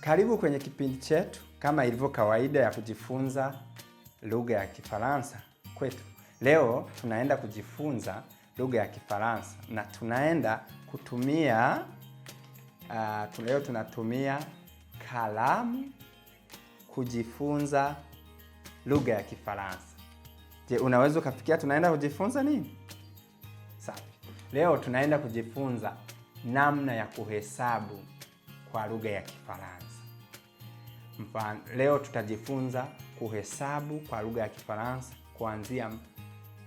Karibu kwenye kipindi chetu kama ilivyo kawaida ya kujifunza lugha ya Kifaransa kwetu. Leo tunaenda kujifunza lugha ya Kifaransa na tunaenda kutumia uh, leo tunatumia kalamu kujifunza lugha ya Kifaransa. Je, unaweza ukafikia tunaenda kujifunza nini? Safi. Leo tunaenda kujifunza namna ya kuhesabu kwa lugha ya Kifaransa. Mfano, leo tutajifunza kuhesabu kwa lugha ya Kifaransa kuanzia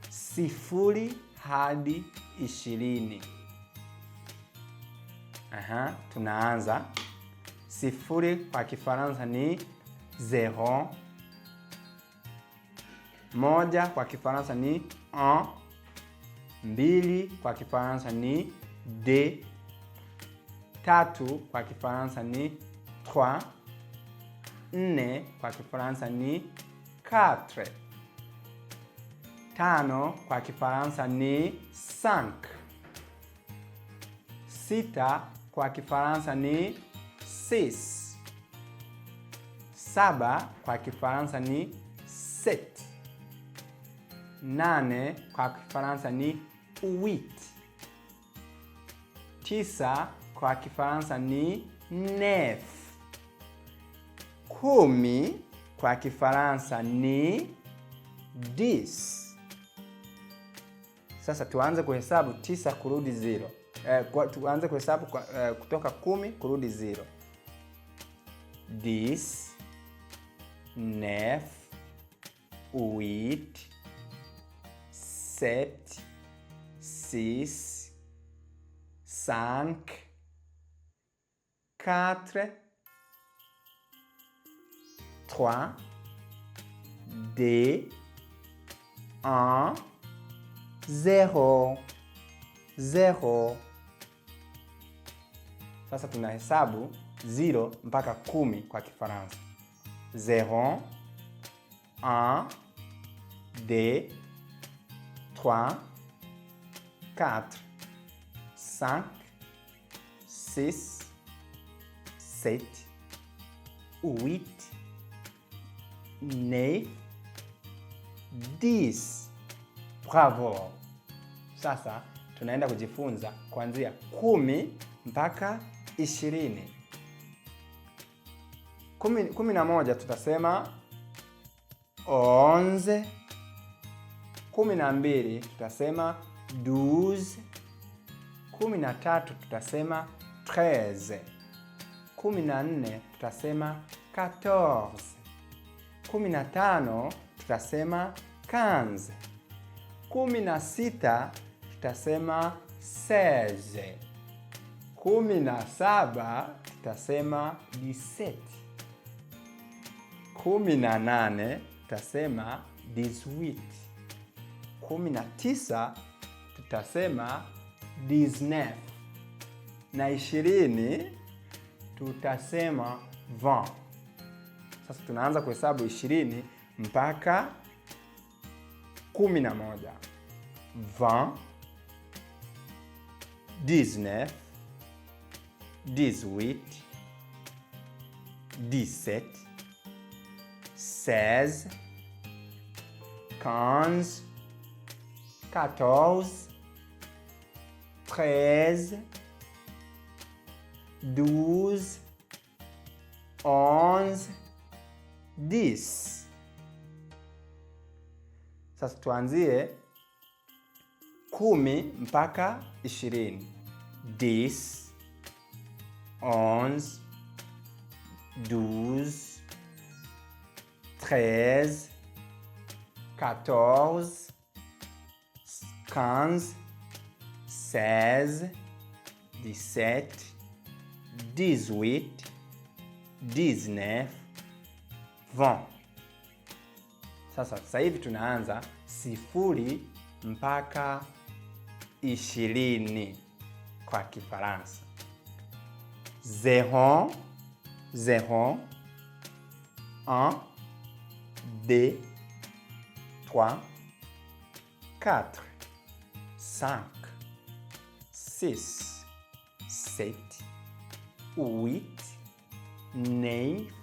sifuri hadi ishirini. Aha, tunaanza. Sifuri kwa Kifaransa ni zero. Moja kwa Kifaransa ni un. Mbili kwa Kifaransa ni d Tatu kwa Kifaransa ni trois nne kwa Kifaransa ni quatre. Tano kwa Kifaransa ni cinq. Sita kwa Kifaransa ni six. Saba kwa Kifaransa ni sept. Nane kwa Kifaransa ni huit. Tisa kwa Kifaransa ni neuf kumi kwa Kifaransa ni dis. Sasa tuanze kuhesabu tisa kurudi zero. Eh, kwa, tuanze kuhesabu kwa, eh, kutoka kumi kurudi zero. Dis, nef, uit, set sis, sank katre, 3, D, 1, 0, 0. Sasa tunahesabu 0 mpaka 10 kwa Kifaransa. 0, 1, D, 3, 4, 5, 6, 7, 8, né 10. Bravo. Sasa tunaenda kujifunza kuanzia kumi mpaka ishirini. Kumi, kumi na moja tutasema onze. Kumi na mbili tutasema douze. Kumi na tatu tutasema treize. Kumi na nne tutasema quatorze kumi na tano tutasema kans. Kumi na sita tutasema seze. Kumi na saba tutasema diset. Kumi na nane tutasema diswit. Kumi na tisa tutasema disnef, na ishirini tutasema vingt. Sasa tunaanza kuhesabu ishirini mpaka kumi na moja. Vingt, dix-neuf, dix-huit, dix-sept, seize, quinze, quatorze, treize, douze, onze this. Sasa tuanzie kumi mpaka ishirini. This, ons dos treize, quatorz quinz seize, dix-sept, dix-huit, dix-neuf vont. Sasa sasa hivi tunaanza sifuri mpaka ishirini kwa Kifaransa. zero zero un deux trois quatre cinq six sept huit neuf